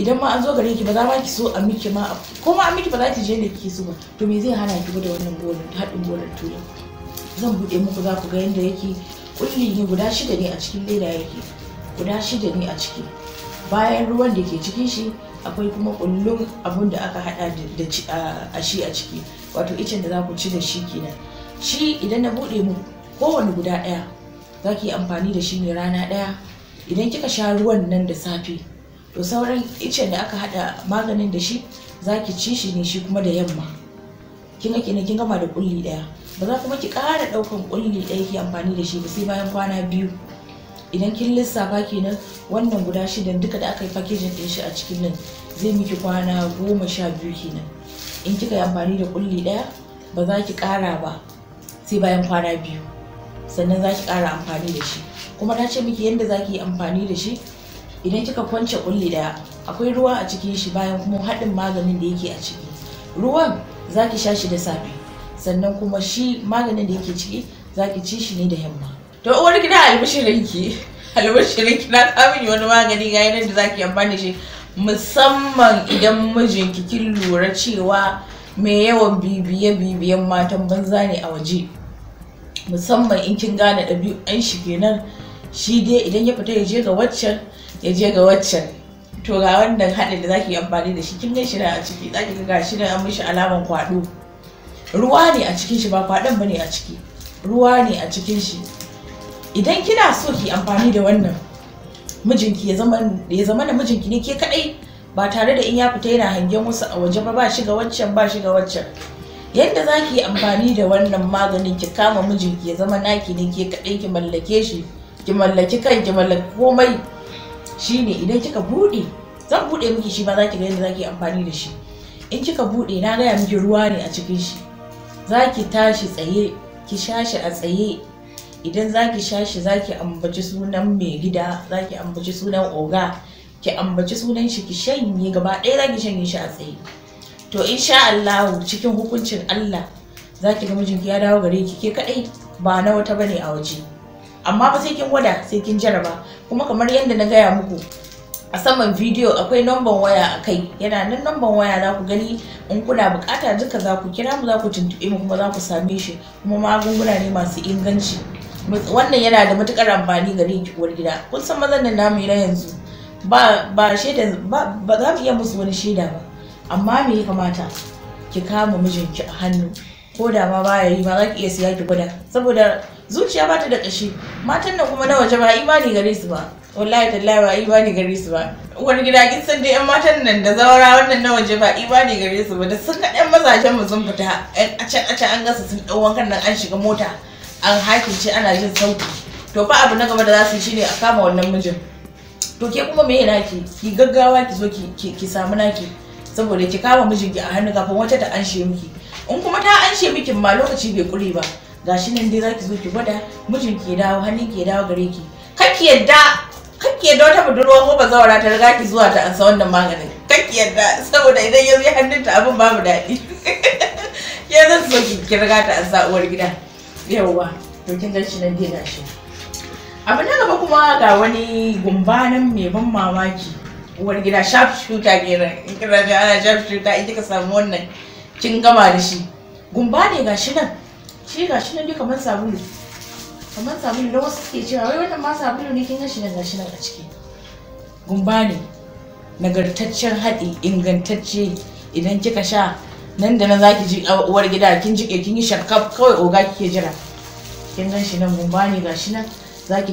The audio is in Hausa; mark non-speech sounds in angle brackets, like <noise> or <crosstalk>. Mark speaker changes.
Speaker 1: idan ma an zo gare ki ba za ma ki so a miki ma ko ma a miki ba za ki je da kike so ba to me zai hana ki ba da wannan bolin haɗin bolin tuwo zan buɗe muku za ku ga yadda yake kulli ne guda shida ne a cikin leda yake guda shida ne a ciki bayan ruwan da ke cikin shi akwai kuma kullum abun da aka hada da shi a ciki wato icen da za ku ci da shi kenan shi idan na buɗe mu kowane guda ɗaya za ki yi amfani da shi ne rana ɗaya idan kika sha ruwan nan da safe to sauran icen da aka hada maganin da shi zaki ci shi ne shi kuma da yamma kin kina kin gama da kulli daya ba za kuma ki ƙara daukan kulli daya ki amfani da shi ba sai bayan kwana biyu idan kin lissafa kenan wannan guda shidan duka da aka yi packaging din shi a cikin nan zai miki kwana goma sha biyu kenan in kika yi amfani da kulli daya ba za ki ƙara ba sai bayan kwana biyu sannan za ki ƙara amfani da shi kuma na ce miki yadda zaki yi amfani da shi idan kika kwance kulli daya akwai ruwa a cikin shi bayan kuma haɗin maganin da yake a ciki ruwan zaki sha shi da safe sannan kuma shi maganin da yake ciki zaki ci shi ne da yamma to uwar gida albishirinki albishirinki na kamin wani magani ga da zaki amfani shi musamman idan mijinki kin lura cewa mai yawan bibiye bibiyen matan banza ne a waje musamman in kin gane ɗabi'un shi kenan shi dai idan ya fita ya je ga waccan ya je ga waccan to ga wannan haɗin da zaki amfani da shi kin gan shi na a ciki zaki ga gashi da an mishi alaman kwaɗo ruwa ne a cikin shi ba kwaɗon bane a ciki ruwa ne a cikin shi idan kina so ki amfani da wannan mijinki ya zama ya zama da mijinki ne ke kadai ba tare da in ya fita yana hangen wasu a waje ba ba shi ga waccan ba shi ga waccan yadda za ki yi amfani da wannan maganin ki kama mijinki ya zama naki ne ke kadai ki mallake shi ki mallaki kan ki mallaki komai shine idan kika bude zan bude miki shi ba zaki ki ga yadda za amfani da shi in kika bude na gaya miki ruwa ne a cikin shi za tashi tsaye ki shashi a tsaye idan zaki ki sha za ki ambaci sunan mai gida za ki ambaci sunan oga ki ambaci sunan shi ki shanye gaba ɗaya za shanye shi a tsaye to insha Allah cikin hukuncin Allah zaki ga mijinki ya dawo gare ki ke kadai ba na wata bane a waje. amma ba sai kin gwada sai kin jaraba kuma kamar yadda na gaya muku a saman bidiyo akwai namban waya a kai yana nan namban waya za ku gani in kuna bukata duka za ku kira mu za ku tuntuɓe mu kuma za ku same shi kuma magunguna ne masu inganci wannan yana da matukar amfani gare ki uwar gida kun san mazan da namu na yanzu ba ba shaida ba za mu iya musu wani shaida ba amma me ya kamata ki kama mijinki a hannu ko da ma baya yi ma za ki iya siya ki gwada saboda zuciya ba ta da ƙashi matan nan kuma na waje ba imani gare su ba wallahi tallahi ba imani gare su ba wani gida kin san dai yan matan nan da zaura wannan na waje ba imani gare su ba da sun ga ɗan mazajen mu sun fita yan ace acan an gasa sun ɗau wankan nan an shiga mota an ce ana jin sauki to fa abu na gaba da za su yi shine a kama wannan mijin to ke kuma me yana ki ki gaggawa ki zo ki samu naki saboda ki kama mijinki a hannu kafin wata ta anshe miki in kuma ta anshe miki ma lokaci bai kure ba gashi nan dai zaki zo ki gwada mijin ke dawo hannun ke dawo gare ki kake yadda kake yadda wata budurwa ko ba zawara ta riga ki zuwa ta ansa wannan maganin kake yadda saboda idan ya zo hannunta abin babu daɗi <laughs> zan so ki riga ta ansa uwar gida yawwa to kin ganci nan dai gashi abu na gaba kuma ga wani gumbanin mai ban mamaki uwar gida sharp shooter kenan in kira ana sharp shooter in kika samu wannan kin gama da shi gumba ne ga shi nan shi ga shi nan dai kamar sabulu kamar sabulu na wasu suke cewa wai wannan ma sabulu ne kin ga shi nan ga shi nan a ciki gumba ne nagartaccen haɗi ingantacce idan kika sha nan da nan zaki ji uwar gida kin jike kin yi shakkaf kawai oga kike jira kin gan shi nan gumba ne ga shi nan zaki